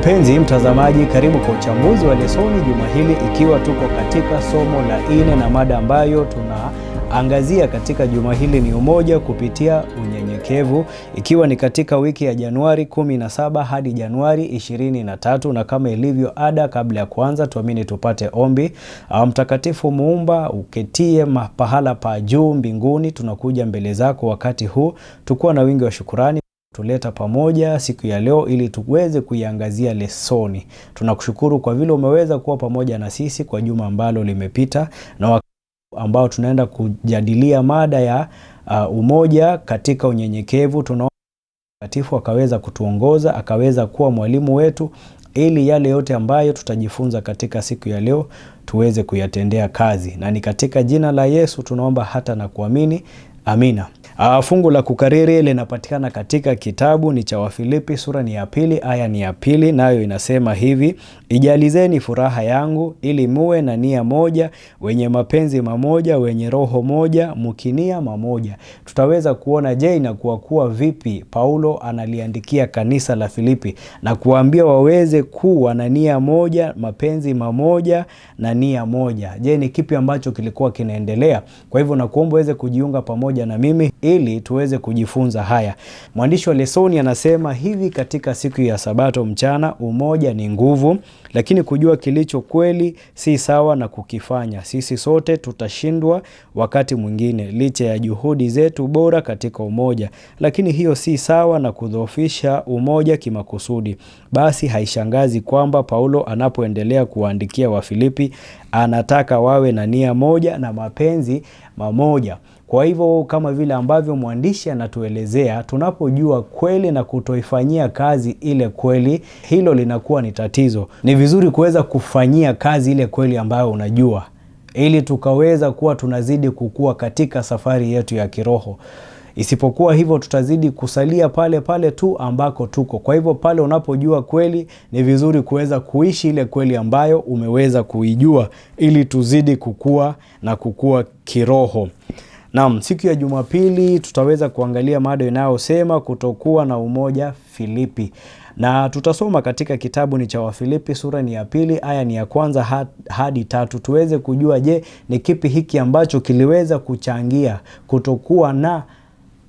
Mpenzi mtazamaji, karibu kwa uchambuzi wa lesoni juma hili, ikiwa tuko katika somo la nne na mada ambayo tunaangazia katika juma hili ni umoja kupitia unyenyekevu, ikiwa ni katika wiki ya Januari 17 hadi Januari 23. Na kama ilivyo ada, kabla ya kuanza, tuamini tupate ombi. Ah, Mtakatifu Muumba, uketie pahala pa juu mbinguni, tunakuja mbele zako wakati huu tukuwa na wingi wa shukurani tuleta pamoja siku ya leo ili tuweze kuiangazia lesoni. Tunakushukuru kwa vile umeweza kuwa pamoja na sisi kwa juma ambalo limepita na ambao tunaenda kujadilia mada ya uh, umoja katika unyenyekevu. Tunaomba Mtakatifu akaweza kutuongoza, akaweza kuwa mwalimu wetu ili yale yote ambayo tutajifunza katika siku ya leo tuweze kuyatendea kazi, na ni katika jina la Yesu tunaomba hata na kuamini. Amina. Ah, fungu la kukariri linapatikana katika kitabu ni cha Wafilipi sura ni ya pili aya ni ya pili, nayo inasema hivi: ijalizeni furaha yangu, ili muwe na nia moja, wenye mapenzi mamoja, wenye roho moja, mukinia mamoja. Tutaweza kuona je, inakuwa kuwa vipi Paulo analiandikia kanisa la Filipi na kuambia waweze kuwa na nia moja, mapenzi mamoja na nia moja. Je, ni kipi ambacho kilikuwa kinaendelea? Kwa hivyo nakuomba uweze kujiunga pamoja pamoja na mimi ili tuweze kujifunza haya. Mwandishi wa lesoni anasema hivi katika siku ya Sabato mchana, umoja ni nguvu, lakini kujua kilicho kweli si sawa na kukifanya. Sisi sote tutashindwa wakati mwingine, licha ya juhudi zetu bora katika umoja, lakini hiyo si sawa na kudhoofisha umoja kimakusudi. Basi haishangazi kwamba Paulo anapoendelea kuwaandikia Wafilipi anataka wawe na nia moja na mapenzi mamoja. Kwa hivyo kama vile ambavyo mwandishi anatuelezea, tunapojua kweli na kutoifanyia kazi ile kweli, hilo linakuwa ni tatizo. Ni vizuri kuweza kufanyia kazi ile kweli ambayo unajua, ili tukaweza kuwa tunazidi kukua katika safari yetu ya kiroho. Isipokuwa hivyo tutazidi kusalia pale pale tu ambako tuko. Kwa hivyo pale unapojua kweli, ni vizuri kuweza kuishi ile kweli ambayo umeweza kuijua, ili tuzidi kukua na kukua kiroho. Naam, siku ya Jumapili tutaweza kuangalia mada inayosema kutokuwa na umoja Filipi, na tutasoma katika kitabu ni cha Wafilipi sura ni ya pili aya ni ya kwanza hadi tatu, tuweze kujua, je, ni kipi hiki ambacho kiliweza kuchangia kutokuwa na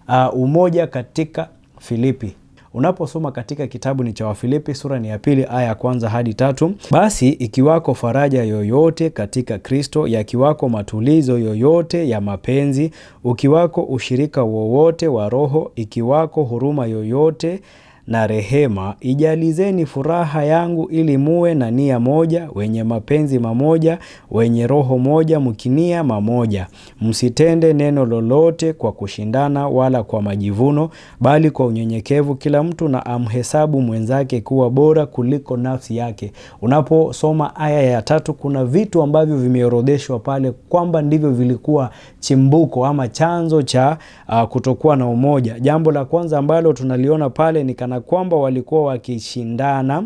uh, umoja katika Filipi unaposoma katika kitabu ni cha Wafilipi sura ni ya pili aya ya kwanza hadi tatu basi ikiwako faraja yoyote katika Kristo, yakiwako matulizo yoyote ya mapenzi, ukiwako ushirika wowote wa Roho, ikiwako huruma yoyote na rehema, ijalizeni furaha yangu ili muwe na nia moja, wenye mapenzi mamoja, wenye roho moja, mkinia mamoja. Msitende neno lolote kwa kushindana wala kwa majivuno, bali kwa unyenyekevu kila mtu na amhesabu mwenzake kuwa bora kuliko nafsi yake. Unaposoma aya ya tatu, kuna vitu ambavyo vimeorodheshwa pale kwamba ndivyo vilikuwa chimbuko ama chanzo cha uh, kutokuwa na umoja. Jambo la kwanza ambalo tunaliona pale ni kana kana kwamba walikuwa wakishindana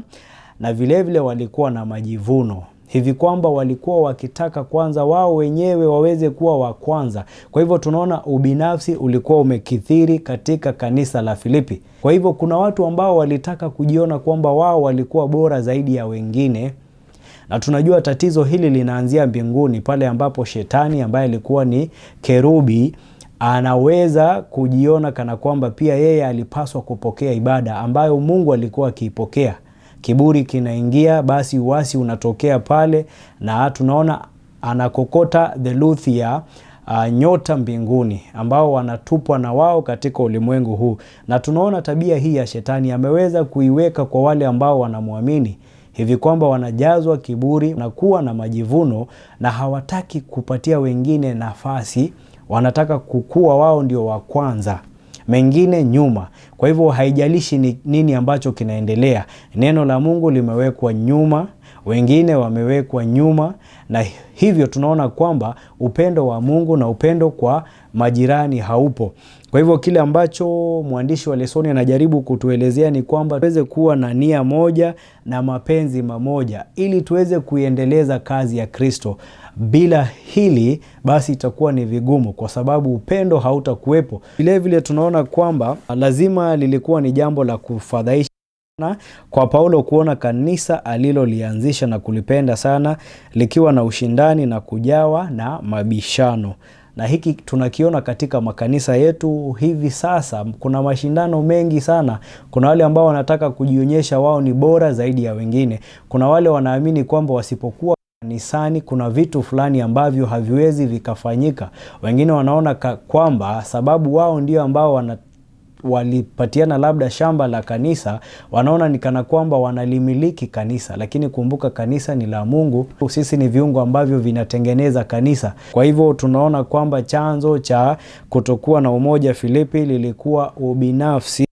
na vilevile vile walikuwa na majivuno hivi kwamba walikuwa wakitaka kwanza wao wenyewe waweze kuwa wa kwanza. Kwa hivyo tunaona ubinafsi ulikuwa umekithiri katika kanisa la Filipi. Kwa hivyo kuna watu ambao walitaka kujiona kwamba wao walikuwa bora zaidi ya wengine, na tunajua tatizo hili linaanzia mbinguni, pale ambapo shetani ambaye alikuwa ni kerubi anaweza kujiona kana kwamba pia yeye alipaswa kupokea ibada ambayo Mungu alikuwa akiipokea. Kiburi kinaingia, basi uasi unatokea pale, na tunaona anakokota theluthi ya uh, nyota mbinguni ambao wanatupwa na wao katika ulimwengu huu, na tunaona tabia hii ya shetani ameweza kuiweka kwa wale ambao wanamwamini hivi kwamba wanajazwa kiburi na kuwa na majivuno na hawataki kupatia wengine nafasi wanataka kukua wao ndio wa kwanza, mengine nyuma. Kwa hivyo haijalishi ni nini ambacho kinaendelea, neno la Mungu limewekwa nyuma, wengine wamewekwa nyuma, na hivyo tunaona kwamba upendo wa Mungu na upendo kwa majirani haupo. Kwa hivyo kile ambacho mwandishi wa lesoni anajaribu kutuelezea ni kwamba tuweze kuwa na nia moja na mapenzi mamoja, ili tuweze kuiendeleza kazi ya Kristo. Bila hili basi itakuwa ni vigumu, kwa sababu upendo hautakuwepo. Vilevile tunaona kwamba lazima lilikuwa ni jambo la kufadhaisha kwa Paulo kuona kanisa alilolianzisha na kulipenda sana likiwa na ushindani na kujawa na mabishano na hiki tunakiona katika makanisa yetu hivi sasa. Kuna mashindano mengi sana. Kuna wale ambao wanataka kujionyesha wao ni bora zaidi ya wengine. Kuna wale wanaamini kwamba wasipokuwa Kanisani kuna vitu fulani ambavyo haviwezi vikafanyika. Wengine wanaona kwamba sababu wao ndio ambao wana walipatiana labda shamba la kanisa, wanaona ni kana kwamba wanalimiliki kanisa, lakini kumbuka kanisa ni la Mungu. Sisi ni viungo ambavyo vinatengeneza kanisa. Kwa hivyo tunaona kwamba chanzo cha kutokuwa na umoja Filipi lilikuwa ubinafsi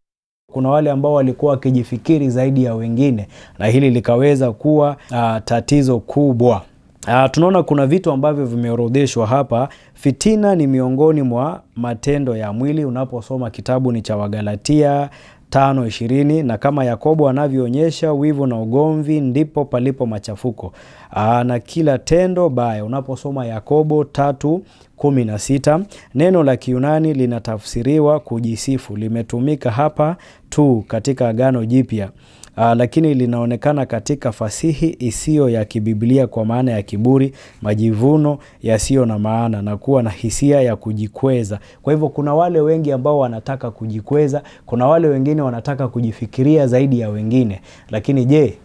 kuna wale ambao walikuwa wakijifikiri zaidi ya wengine, na hili likaweza kuwa a, ah, tatizo kubwa. Uh, tunaona kuna vitu ambavyo vimeorodheshwa hapa. Fitina ni miongoni mwa matendo ya mwili unaposoma kitabu ni cha Wagalatia 5:20 na kama Yakobo anavyoonyesha, wivu na ugomvi ndipo palipo machafuko. Aa, ah, na kila tendo baya unaposoma Yakobo tatu 16. Neno la Kiunani linatafsiriwa kujisifu, limetumika hapa tu katika Agano Jipya. Uh, lakini linaonekana katika fasihi isiyo ya kibiblia kwa maana ya kiburi, majivuno yasiyo na maana na kuwa na hisia ya kujikweza. Kwa hivyo kuna wale wengi ambao wanataka kujikweza, kuna wale wengine wanataka kujifikiria zaidi ya wengine. Lakini je,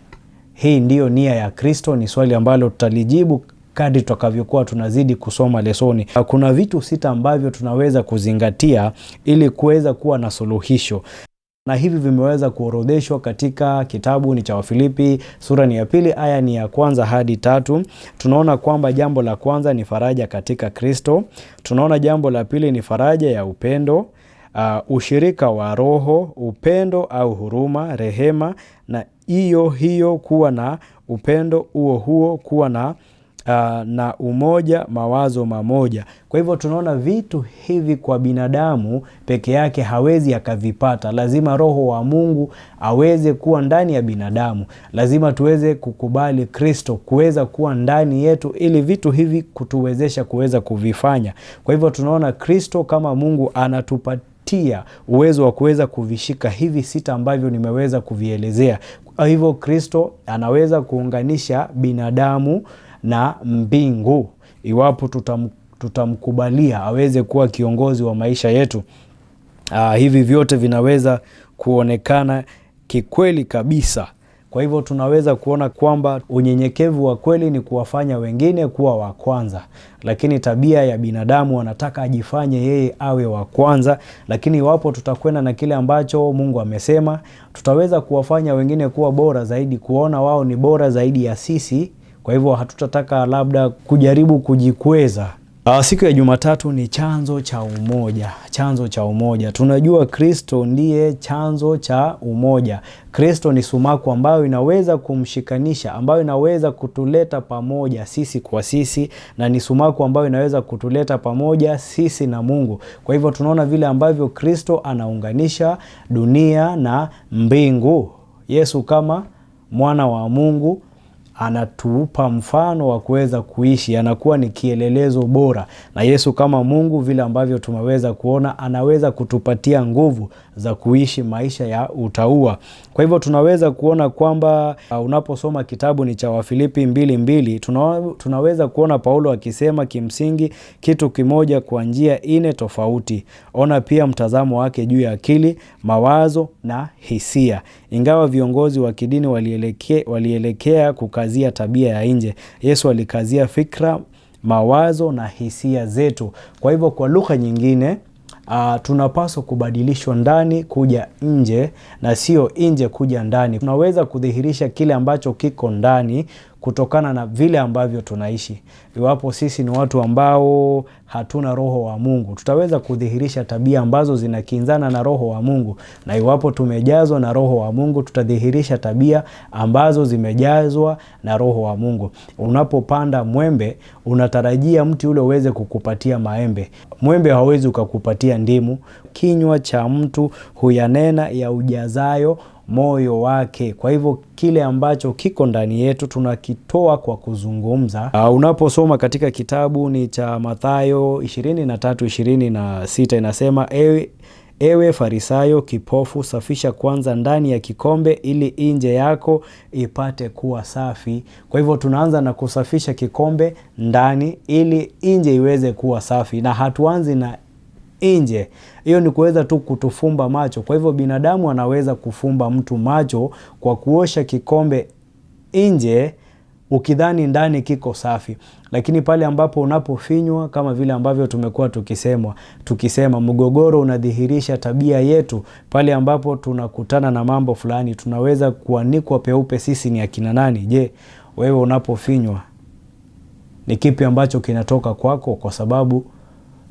hii ndiyo nia ya Kristo? Ni swali ambalo tutalijibu kadri tutakavyokuwa tunazidi kusoma lesoni. Kuna vitu sita ambavyo tunaweza kuzingatia ili kuweza kuwa na suluhisho na hivi vimeweza kuorodheshwa katika kitabu ni cha Wafilipi sura ni ya pili aya ni ya kwanza hadi tatu. Tunaona kwamba jambo la kwanza ni faraja katika Kristo. Tunaona jambo la pili ni faraja ya upendo, uh, ushirika wa Roho, upendo au huruma, rehema, na hiyo hiyo kuwa na upendo huo huo, kuwa na uh, na umoja, mawazo mamoja. Kwa hivyo tunaona vitu hivi kwa binadamu peke yake hawezi akavipata, lazima Roho wa Mungu aweze kuwa ndani ya binadamu, lazima tuweze kukubali Kristo kuweza kuwa ndani yetu, ili vitu hivi kutuwezesha kuweza kuvifanya. Kwa hivyo tunaona Kristo kama Mungu anatupa uwezo wa kuweza kuvishika hivi sita ambavyo nimeweza kuvielezea. Kwa hivyo Kristo anaweza kuunganisha binadamu na mbingu iwapo tutam, tutamkubalia aweze kuwa kiongozi wa maisha yetu. Aa, ah, hivi vyote vinaweza kuonekana kikweli kabisa. Kwa hivyo tunaweza kuona kwamba unyenyekevu wa kweli ni kuwafanya wengine kuwa wa kwanza, lakini tabia ya binadamu anataka ajifanye yeye awe wa kwanza. Lakini iwapo tutakwenda na kile ambacho Mungu amesema, tutaweza kuwafanya wengine kuwa bora zaidi, kuona wao ni bora zaidi ya sisi kwa hivyo hatutataka labda kujaribu kujikweza. Ah, siku ya Jumatatu ni chanzo cha umoja, chanzo cha umoja. Tunajua Kristo ndiye chanzo cha umoja. Kristo ni sumaku ambayo inaweza kumshikanisha, ambayo inaweza kutuleta pamoja sisi kwa sisi, na ni sumaku ambayo inaweza kutuleta pamoja sisi na Mungu. Kwa hivyo tunaona vile ambavyo Kristo anaunganisha dunia na mbingu, Yesu kama mwana wa Mungu anatupa mfano wa kuweza kuishi, anakuwa ni kielelezo bora. Na Yesu kama Mungu vile ambavyo tumeweza kuona, anaweza kutupatia nguvu za kuishi maisha ya utaua. Kwa hivyo tunaweza kuona kwamba uh, unaposoma kitabu ni cha Wafilipi mbili mbili tunaweza kuona Paulo akisema kimsingi kitu kimoja kwa njia ine tofauti. Ona pia mtazamo wake juu ya akili, mawazo na hisia. Ingawa viongozi wa kidini walielekea, walielekea kuka alikazia tabia ya nje. Yesu alikazia fikra, mawazo na hisia zetu. Kwa hivyo kwa lugha nyingine Uh, tunapaswa kubadilishwa ndani kuja nje na sio nje kuja ndani. Tunaweza kudhihirisha kile ambacho kiko ndani kutokana na vile ambavyo tunaishi. Iwapo sisi ni watu ambao hatuna roho wa Mungu, tutaweza kudhihirisha tabia ambazo zinakinzana na roho wa Mungu, na iwapo tumejazwa na roho wa Mungu, tutadhihirisha tabia ambazo zimejazwa na roho wa Mungu. Unapopanda mwembe, unatarajia mti ule uweze kukupatia maembe. Mwembe hawezi ukakupatia ndimu. Kinywa cha mtu huyanena ya ujazayo moyo wake. Kwa hivyo kile ambacho kiko ndani yetu tunakitoa kwa kuzungumza. Uh, unaposoma katika kitabu ni cha Mathayo 23 inasema, ewe, ewe Farisayo kipofu, safisha kwanza ndani ya kikombe ili nje yako ipate kuwa safi. Kwa hivyo tunaanza na kusafisha kikombe ndani ili nje iweze kuwa safi, na hatuanzi na nje. Hiyo ni kuweza tu kutufumba macho. Kwa hivyo binadamu anaweza kufumba mtu macho kwa kuosha kikombe nje ukidhani ndani kiko safi, lakini pale ambapo unapofinywa, kama vile ambavyo tumekuwa tukisemwa tukisema, mgogoro unadhihirisha tabia yetu. Pale ambapo tunakutana na mambo fulani, tunaweza kuanikwa peupe sisi ni akina nani. Je, wewe unapofinywa ni kipi ambacho kinatoka kwako? Kwa sababu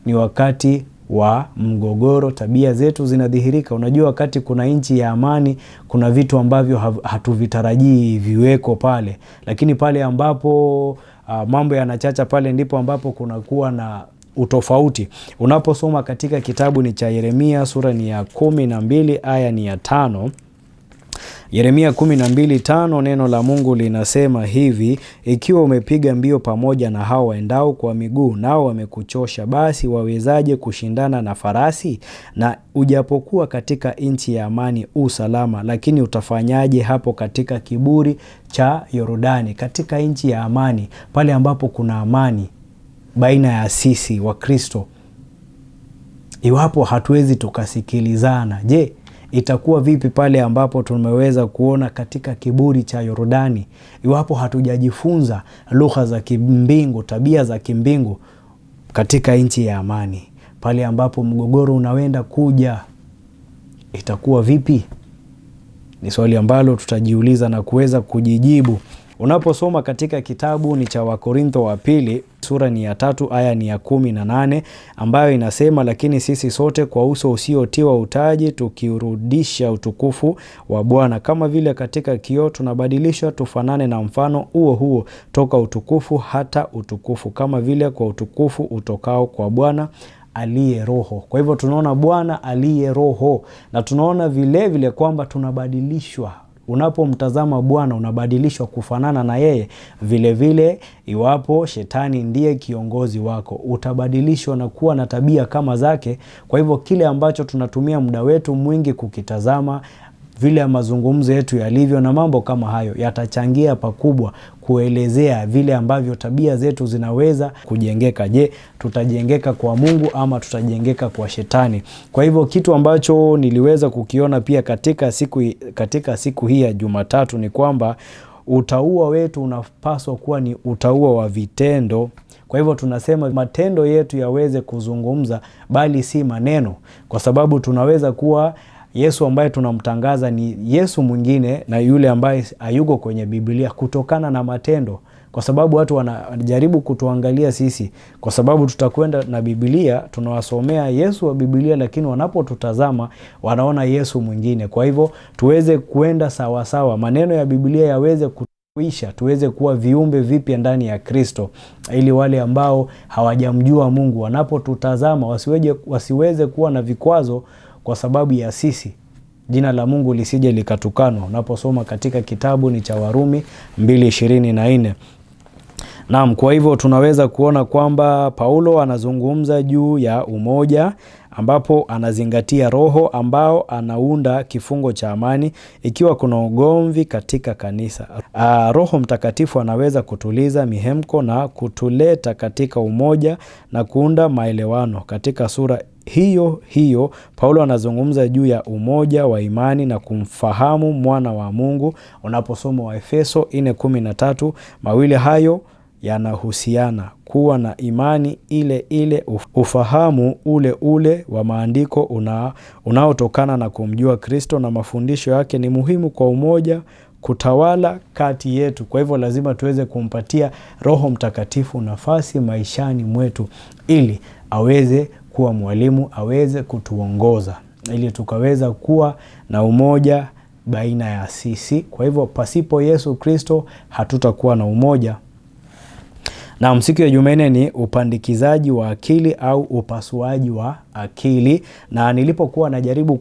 ni wakati wa mgogoro, tabia zetu zinadhihirika. Unajua, wakati kuna nchi ya amani, kuna vitu ambavyo hatuvitarajii viweko pale, lakini pale ambapo uh, mambo yanachacha, pale ndipo ambapo kunakuwa na utofauti. Unaposoma katika kitabu ni cha Yeremia, sura ni ya kumi na mbili aya ni ya tano. Yeremia 12:5 neno la Mungu linasema hivi, ikiwa umepiga mbio pamoja na hao waendao kwa miguu, nao wamekuchosha, basi wawezaje kushindana na farasi? Na ujapokuwa katika nchi ya amani usalama, lakini utafanyaje hapo katika kiburi cha Yordani? Katika nchi ya amani, pale ambapo kuna amani baina ya sisi Wakristo, iwapo hatuwezi tukasikilizana, je, itakuwa vipi pale ambapo tumeweza kuona katika kiburi cha Yordani, iwapo hatujajifunza lugha za kimbingu, tabia za kimbingu katika nchi ya amani, pale ambapo mgogoro unawenda kuja, itakuwa vipi? Ni swali ambalo tutajiuliza na kuweza kujijibu. Unaposoma katika kitabu ni cha Wakorintho wa pili sura ni ya tatu aya ni ya kumi na nane ambayo inasema, lakini sisi sote kwa uso usiotiwa utaji tukiurudisha utukufu wa Bwana kama vile katika kioo tunabadilishwa tufanane na mfano huo huo toka utukufu hata utukufu, kama vile kwa utukufu utokao kwa Bwana aliye Roho. Kwa hivyo tunaona Bwana aliye Roho, na tunaona vilevile kwamba tunabadilishwa Unapomtazama Bwana unabadilishwa kufanana na yeye. Vilevile, iwapo shetani ndiye kiongozi wako, utabadilishwa na kuwa na tabia kama zake. Kwa hivyo, kile ambacho tunatumia muda wetu mwingi kukitazama vile ya mazungumzo yetu yalivyo na mambo kama hayo yatachangia pakubwa kuelezea vile ambavyo tabia zetu zinaweza kujengeka. Je, tutajengeka kwa Mungu ama tutajengeka kwa Shetani? Kwa hivyo kitu ambacho niliweza kukiona pia katika siku, katika siku hii ya Jumatatu ni kwamba utaua wetu unapaswa kuwa ni utaua wa vitendo. Kwa hivyo tunasema matendo yetu yaweze kuzungumza, bali si maneno, kwa sababu tunaweza kuwa Yesu ambaye tunamtangaza ni Yesu mwingine na yule ambaye hayuko kwenye Biblia kutokana na matendo, kwa sababu watu wanajaribu kutuangalia sisi, kwa sababu tutakwenda na Biblia, tunawasomea Yesu wa Biblia, lakini wanapotutazama wanaona Yesu mwingine. Kwa hivyo tuweze kuenda sawasawa, maneno ya Biblia yaweze kutuisha, tuweze kuwa viumbe vipya ndani ya Kristo, ili wale ambao hawajamjua Mungu wanapotutazama wasiweze, wasiweze kuwa na vikwazo kwa sababu ya sisi jina la Mungu lisije likatukanwa, unaposoma katika kitabu ni cha Warumi 2:24. Naam, kwa hivyo tunaweza kuona kwamba Paulo anazungumza juu ya umoja ambapo anazingatia roho ambao anaunda kifungo cha amani ikiwa kuna ugomvi katika kanisa. A, ah, Roho Mtakatifu anaweza kutuliza mihemko na kutuleta katika umoja na kuunda maelewano katika sura hiyo hiyo Paulo anazungumza juu ya umoja wa imani na kumfahamu mwana wa Mungu unaposoma Waefeso 4:13. Mawili hayo yanahusiana: kuwa na imani ile ile, ufahamu ule ule wa maandiko una, unaotokana na kumjua Kristo na mafundisho yake ni muhimu kwa umoja kutawala kati yetu. Kwa hivyo lazima tuweze kumpatia Roho Mtakatifu nafasi maishani mwetu ili aweze kuwa mwalimu aweze kutuongoza ili tukaweza kuwa na umoja baina ya sisi. Kwa hivyo pasipo Yesu Kristo hatutakuwa na umoja. Na siku ya Jumanne ni upandikizaji wa akili au upasuaji wa akili, na nilipokuwa najaribu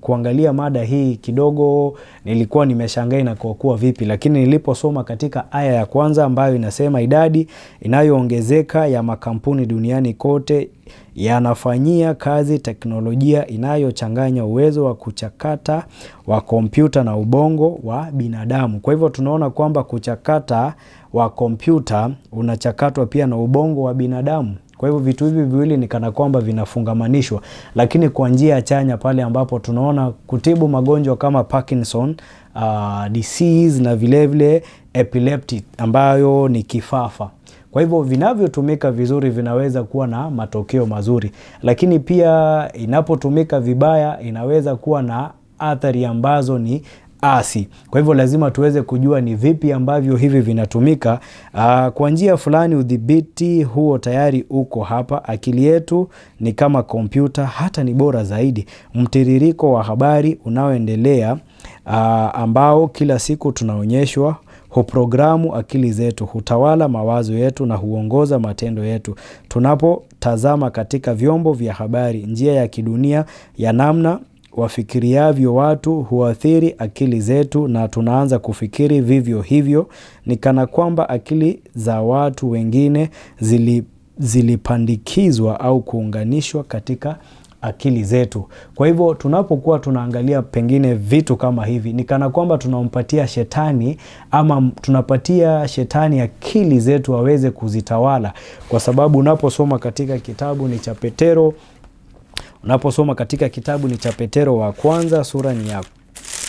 kuangalia mada hii kidogo nilikuwa nimeshangaa inakokuwa vipi, lakini niliposoma katika aya ya kwanza ambayo inasema idadi inayoongezeka ya makampuni duniani kote yanafanyia kazi teknolojia inayochanganya uwezo wa kuchakata wa kompyuta na ubongo wa binadamu. Kwa hivyo tunaona kwamba kuchakata wa kompyuta unachakatwa pia na ubongo wa binadamu. Kwa hivyo vitu hivi viwili ni kana kwamba vinafungamanishwa, lakini kwa njia chanya, pale ambapo tunaona kutibu magonjwa kama Parkinson uh, disease na vilevile epileptic ambayo ni kifafa. Kwa hivyo vinavyotumika vizuri vinaweza kuwa na matokeo mazuri, lakini pia inapotumika vibaya inaweza kuwa na athari ambazo ni asi. Kwa hivyo lazima tuweze kujua ni vipi ambavyo hivi vinatumika. Ah, kwa njia fulani, udhibiti huo tayari uko hapa. Akili yetu ni kama kompyuta, hata ni bora zaidi. Mtiririko wa habari unaoendelea ah, ambao kila siku tunaonyeshwa huprogramu akili zetu, hutawala mawazo yetu na huongoza matendo yetu. Tunapotazama katika vyombo vya habari, njia ya kidunia ya namna wafikiriavyo watu huathiri akili zetu na tunaanza kufikiri vivyo hivyo. Ni kana kwamba akili za watu wengine zili, zilipandikizwa au kuunganishwa katika akili zetu. Kwa hivyo tunapokuwa tunaangalia pengine vitu kama hivi, ni kana kwamba tunampatia shetani ama tunapatia shetani akili zetu aweze kuzitawala, kwa sababu unaposoma katika kitabu ni cha Petero Unaposoma katika kitabu ni cha Petero wa kwanza sura ni ya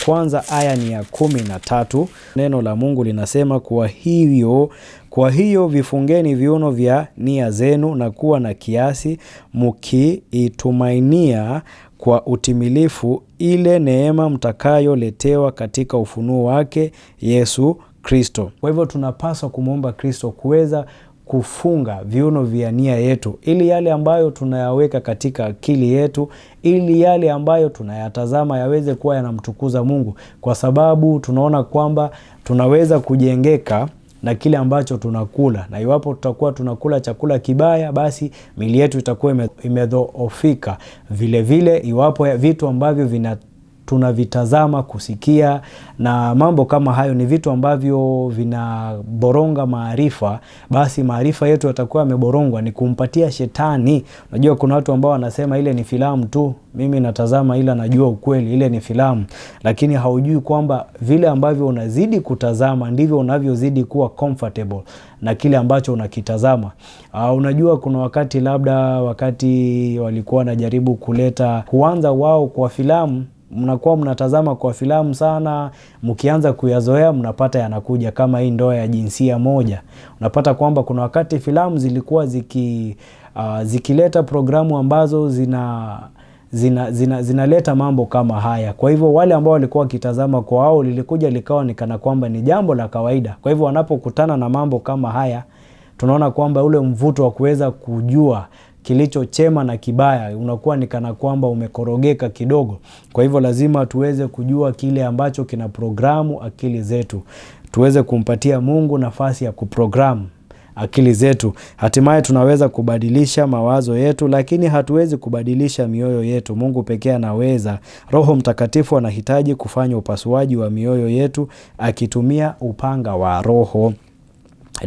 kwanza aya ni ya kumi na tatu. Neno la Mungu linasema kwa hivyo, kwa hiyo vifungeni viuno vya nia zenu na kuwa na kiasi, mkiitumainia kwa utimilifu ile neema mtakayoletewa katika ufunuo wake Yesu Kristo. Kwa hivyo tunapaswa kumwomba Kristo kuweza kufunga viuno vya nia yetu, ili yale ambayo tunayaweka katika akili yetu, ili yale ambayo tunayatazama yaweze kuwa yanamtukuza Mungu, kwa sababu tunaona kwamba tunaweza kujengeka na kile ambacho tunakula, na iwapo tutakuwa tunakula chakula kibaya, basi mili yetu itakuwa imedhoofika. Vilevile iwapo vitu ambavyo vina tunavitazama kusikia, na mambo kama hayo ni vitu ambavyo vinaboronga maarifa, basi maarifa yetu yatakuwa yameborongwa, ni kumpatia shetani. Unajua, kuna watu ambao wanasema ile ni filamu tu, mimi natazama ila najua ukweli, ile ni filamu, lakini haujui kwamba vile ambavyo unazidi kutazama ndivyo unavyozidi kuwa comfortable na kile ambacho unakitazama. Uh, unajua kuna wakati labda wakati walikuwa wanajaribu kuleta kuanza wao kwa filamu mnakuwa mnatazama kwa filamu sana, mkianza kuyazoea mnapata yanakuja kama hii ndoa ya jinsia moja. Unapata kwamba kuna wakati filamu zilikuwa ziki uh, zikileta programu ambazo zina zinaleta zina, zina mambo kama haya. Kwa hivyo wale ambao walikuwa wakitazama kwa wao lilikuja likawa ni kana kwamba ni jambo la kawaida. Kwa hivyo wanapokutana na mambo kama haya, tunaona kwamba ule mvuto wa kuweza kujua kilicho chema na kibaya, unakuwa ni kana kwamba umekorogeka kidogo. Kwa hivyo lazima tuweze kujua kile ambacho kina programu akili zetu, tuweze kumpatia Mungu nafasi ya kuprogramu akili zetu. Hatimaye tunaweza kubadilisha mawazo yetu, lakini hatuwezi kubadilisha mioyo yetu. Mungu pekee anaweza. Roho Mtakatifu anahitaji kufanya upasuaji wa mioyo yetu akitumia upanga wa Roho.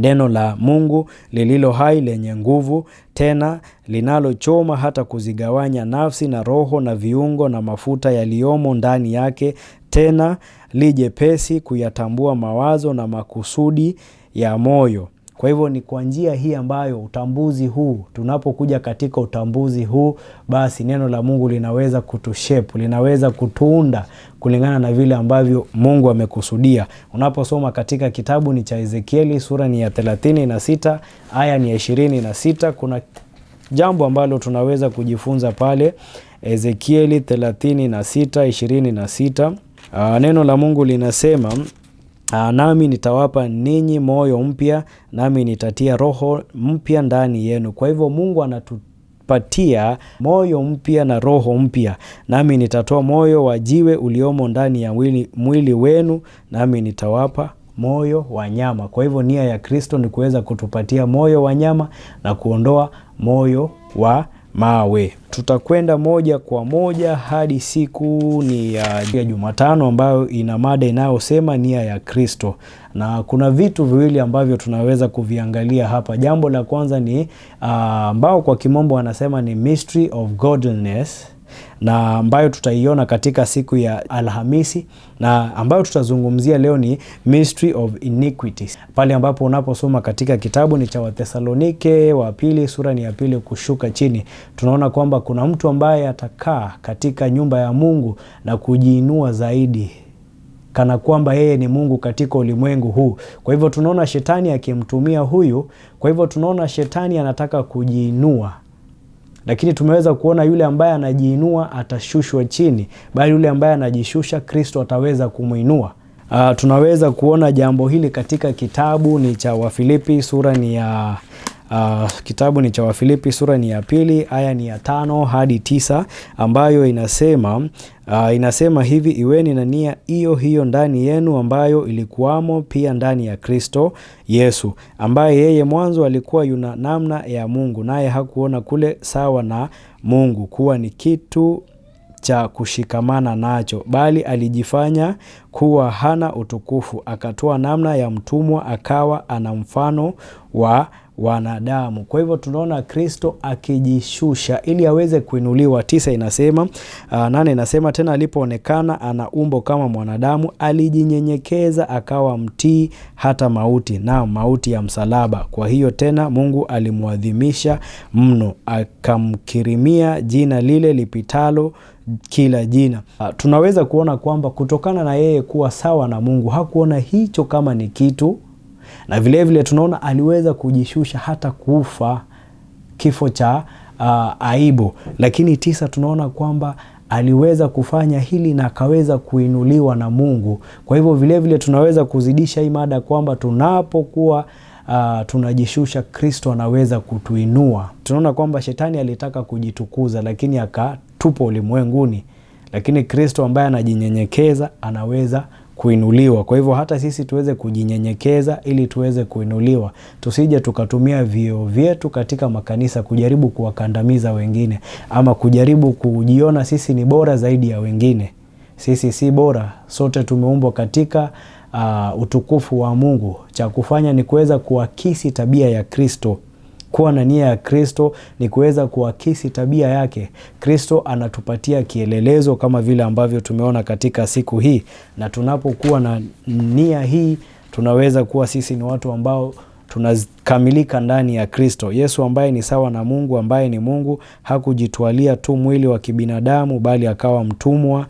Neno la Mungu lililo hai lenye nguvu tena linalochoma hata kuzigawanya nafsi na roho na viungo na mafuta yaliyomo ndani yake, tena lijepesi kuyatambua mawazo na makusudi ya moyo. Kwa hivyo ni kwa njia hii ambayo utambuzi huu, tunapokuja katika utambuzi huu, basi neno la Mungu linaweza kutushape, linaweza kutuunda kulingana na vile ambavyo Mungu amekusudia. Unaposoma katika kitabu ni cha Ezekieli sura ni ya 36 aya ni ya 26, kuna jambo ambalo tunaweza kujifunza pale Ezekieli 36 26. Neno la Mungu linasema Ah, nami nitawapa ninyi moyo mpya, nami nitatia roho mpya ndani yenu. Kwa hivyo Mungu anatupatia moyo mpya na roho mpya. Nami nitatoa moyo wa jiwe uliomo ndani ya mwili, mwili wenu, nami nitawapa moyo wa nyama. Kwa hivyo nia ya Kristo ni kuweza kutupatia moyo wa nyama na kuondoa moyo wa mawe. Tutakwenda moja kwa moja hadi siku ni ya Jumatano ambayo ina mada inayosema nia ya Kristo, na kuna vitu viwili ambavyo tunaweza kuviangalia hapa. Jambo la kwanza ni ah, ambao uh, kwa kimombo wanasema ni mystery of godliness na ambayo tutaiona katika siku ya Alhamisi na ambayo tutazungumzia leo ni Mystery of Iniquities, pale ambapo unaposoma katika kitabu ni cha Wathesalonike wa pili sura ni ya pili kushuka chini, tunaona kwamba kuna mtu ambaye atakaa katika nyumba ya Mungu na kujiinua zaidi kana kwamba yeye ni Mungu katika ulimwengu huu. Kwa hivyo tunaona shetani akimtumia huyu, kwa hivyo tunaona shetani anataka kujiinua lakini tumeweza kuona yule ambaye anajiinua atashushwa chini, bali yule ambaye anajishusha Kristo ataweza kumwinua. Uh, tunaweza kuona jambo hili katika kitabu ni cha Wafilipi sura ni ya Uh, kitabu ni cha Wafilipi sura ni ya pili aya ni ya tano hadi tisa ambayo inasema Uh, inasema hivi: iweni na nia hiyo hiyo ndani yenu ambayo ilikuwamo pia ndani ya Kristo Yesu, ambaye yeye mwanzo alikuwa yuna namna ya Mungu, naye hakuona kule sawa na Mungu kuwa ni kitu cha kushikamana nacho, bali alijifanya kuwa hana utukufu, akatoa namna ya mtumwa, akawa ana mfano wa wanadamu. Kwa hivyo tunaona Kristo akijishusha ili aweze kuinuliwa. Tisa inasema aa, uh, nane inasema tena, alipoonekana ana umbo kama mwanadamu alijinyenyekeza akawa mtii hata mauti, na mauti ya msalaba. Kwa hiyo tena Mungu alimwadhimisha mno, akamkirimia jina lile lipitalo kila jina. Uh, tunaweza kuona kwamba kutokana na yeye kuwa sawa na Mungu hakuona hicho kama ni kitu na vilevile vile tunaona aliweza kujishusha hata kufa kifo cha uh, aibu. Lakini tisa, tunaona kwamba aliweza kufanya hili na akaweza kuinuliwa na Mungu. Kwa hivyo vilevile vile tunaweza kuzidisha hii mada kwamba tunapokuwa Uh, tunajishusha, Kristo anaweza kutuinua. Tunaona kwamba shetani alitaka kujitukuza, lakini akatupa ulimwenguni, lakini Kristo ambaye anajinyenyekeza anaweza kuinuliwa. Kwa hivyo hata sisi tuweze kujinyenyekeza ili tuweze kuinuliwa, tusije tukatumia vio vyetu katika makanisa kujaribu kuwakandamiza wengine ama kujaribu kujiona sisi ni bora zaidi ya wengine. Sisi si bora, sote tumeumbwa katika uh, utukufu wa Mungu. Cha kufanya ni kuweza kuakisi tabia ya Kristo. Kuwa na nia ya Kristo ni kuweza kuakisi tabia yake. Kristo anatupatia kielelezo kama vile ambavyo tumeona katika siku hii, na tunapokuwa na nia hii tunaweza kuwa sisi ni watu ambao tuna kamilika ndani ya Kristo. Yesu ambaye ni sawa na Mungu, ambaye ni Mungu, hakujitwalia tu mwili wa kibinadamu, bali akawa mtumwa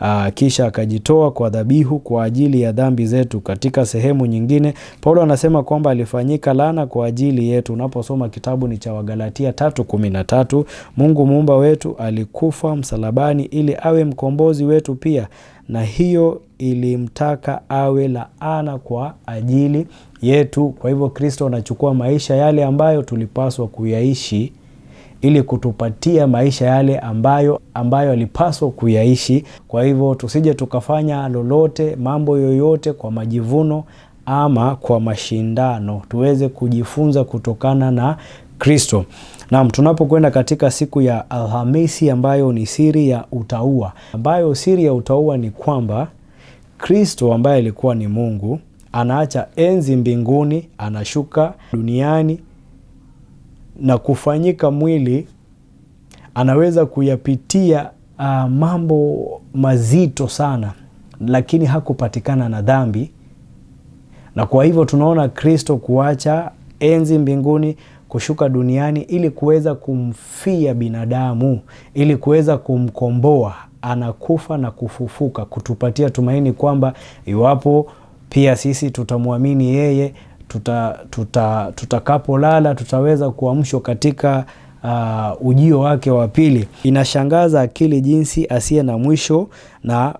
uh, kisha akajitoa kwa dhabihu kwa ajili ya dhambi zetu. Katika sehemu nyingine Paulo anasema kwamba alifanyika laana kwa ajili yetu. Unaposoma kitabu ni cha Wagalatia 3:13, Mungu muumba wetu alikufa msalabani ili awe mkombozi wetu pia, na hiyo ilimtaka awe laana kwa ajili yetu. Kwa hivyo Kristo anachukua kuchukua maisha yale ambayo tulipaswa kuyaishi ili kutupatia maisha yale ambayo ambayo alipaswa kuyaishi. Kwa hivyo tusije tukafanya lolote, mambo yoyote kwa majivuno ama kwa mashindano, tuweze kujifunza kutokana na Kristo. Naam, tunapokwenda katika siku ya Alhamisi ambayo ni siri ya utaua ambayo siri ya utaua ni kwamba Kristo ambaye alikuwa ni Mungu anaacha enzi mbinguni, anashuka duniani na kufanyika mwili, anaweza kuyapitia uh, mambo mazito sana, lakini hakupatikana na dhambi. Na kwa hivyo tunaona Kristo kuacha enzi mbinguni kushuka duniani ili kuweza kumfia binadamu, ili kuweza kumkomboa, anakufa na kufufuka, kutupatia tumaini kwamba iwapo pia sisi tutamwamini yeye, tutakapolala tuta, tuta tutaweza kuamshwa katika uh, ujio wake wa pili. Inashangaza akili jinsi asiye na mwisho na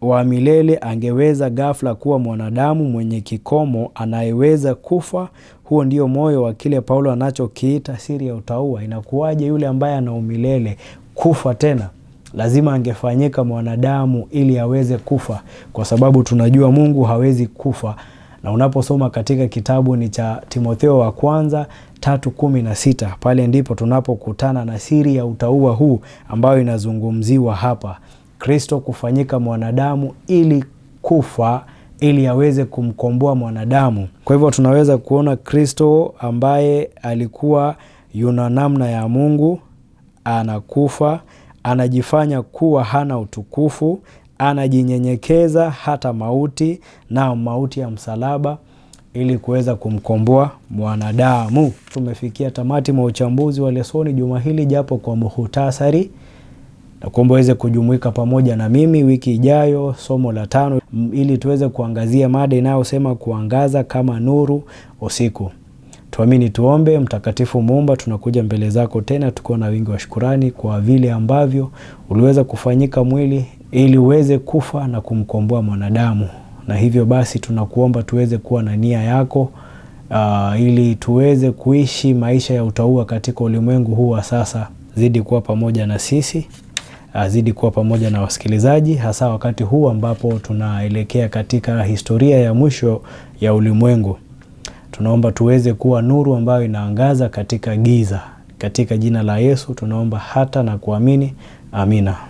wa milele angeweza ghafla kuwa mwanadamu mwenye kikomo anayeweza kufa. Huo ndio moyo wa kile Paulo anachokiita siri ya utaua Inakuwaje yule ambaye ana umilele kufa tena? lazima angefanyika mwanadamu ili aweze kufa, kwa sababu tunajua Mungu hawezi kufa. Na unaposoma katika kitabu ni cha Timotheo wa kwanza tatu kumi na sita pale ndipo tunapokutana na siri ya utauwa huu ambayo inazungumziwa hapa, Kristo kufanyika mwanadamu ili kufa ili aweze kumkomboa mwanadamu. Kwa hivyo tunaweza kuona Kristo ambaye alikuwa yuna namna ya Mungu anakufa anajifanya kuwa hana utukufu, anajinyenyekeza hata mauti na mauti ya msalaba ili kuweza kumkomboa mwanadamu. Tumefikia tamati mwa uchambuzi wa lesoni juma hili, japo kwa muhutasari, na kuomba uweze kujumuika pamoja na mimi wiki ijayo, somo la tano, ili tuweze kuangazia mada inayosema kuangaza kama nuru usiku. Tuamini tuombe. Mtakatifu Muumba, tunakuja mbele zako tena tukiwa na wingi wa shukurani kwa vile ambavyo uliweza kufanyika mwili ili uweze kufa na kumkomboa mwanadamu, na hivyo basi tunakuomba tuweze kuwa na nia yako uh, ili tuweze kuishi maisha ya utaua katika ulimwengu huu wa sasa. Zidi kuwa pamoja na sisi, azidi ah, kuwa pamoja na wasikilizaji, hasa wakati huu ambapo tunaelekea katika historia ya mwisho ya ulimwengu. Tunaomba tuweze kuwa nuru ambayo inaangaza katika giza. Katika jina la Yesu tunaomba hata na kuamini. Amina.